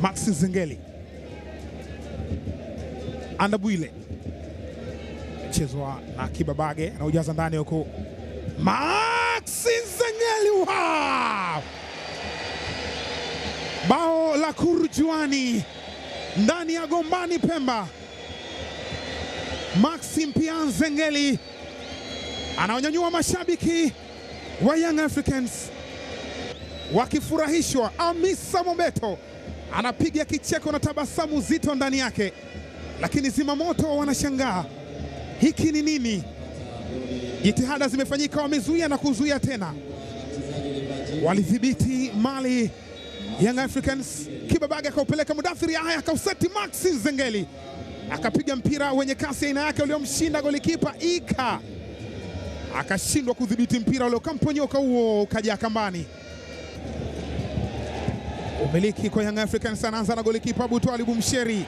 maxi Zengeli, Andabwile chezwa na Kibabage anaujaza ndani huko maxi Zingeli wa bao la kurujuani ndani ya Gombani Pemba. Maxi Mpian Zengeli anaonyanyua mashabiki wa Young Africans wakifurahishwa. Amisa Mobeto anapiga kicheko na tabasamu zito ndani yake, lakini zimamoto wanashangaa hiki ni nini? Jitihada zimefanyika, wamezuia na kuzuia tena, walidhibiti mali Young Africans. Kibabaga akaupeleka Mudathiri haya akauseti Maxi Nzengeli akapiga mpira wenye kasi aina yake uliomshinda golikipa Ika, akashindwa kudhibiti mpira uliokamponyoka, huo ukaja kambani. Umiliki kwa Young Africans anaanza na golikipa Alibu msheri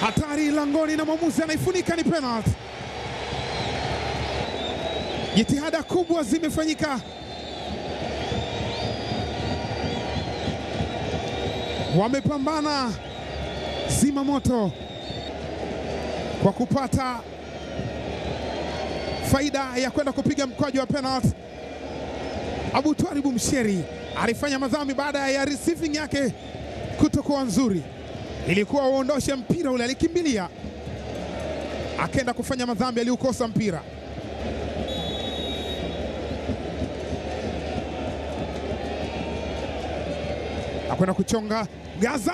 hatari langoni na mwamuzi anaifunika, ni penalt Jitihada kubwa zimefanyika, wamepambana zima moto kwa kupata faida ya kwenda kupiga mkwaju wa penalty. Abutwali msheri alifanya madhambi baada ya receiving yake kutokuwa nzuri, ilikuwa uondoshe mpira ule, alikimbilia akaenda kufanya madhambi, aliukosa mpira. Akwenda kuchonga Gaza,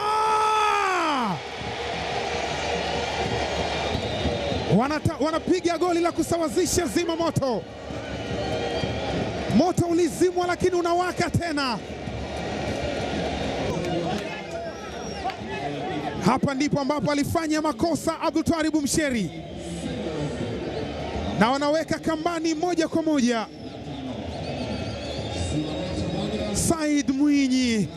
wanapiga goli la kusawazisha zima moto Moto ulizimwa lakini unawaka tena. Hapa ndipo ambapo alifanya makosa Abdultwaribu Msheri, na wanaweka kambani moja kwa moja. Said Mwinyi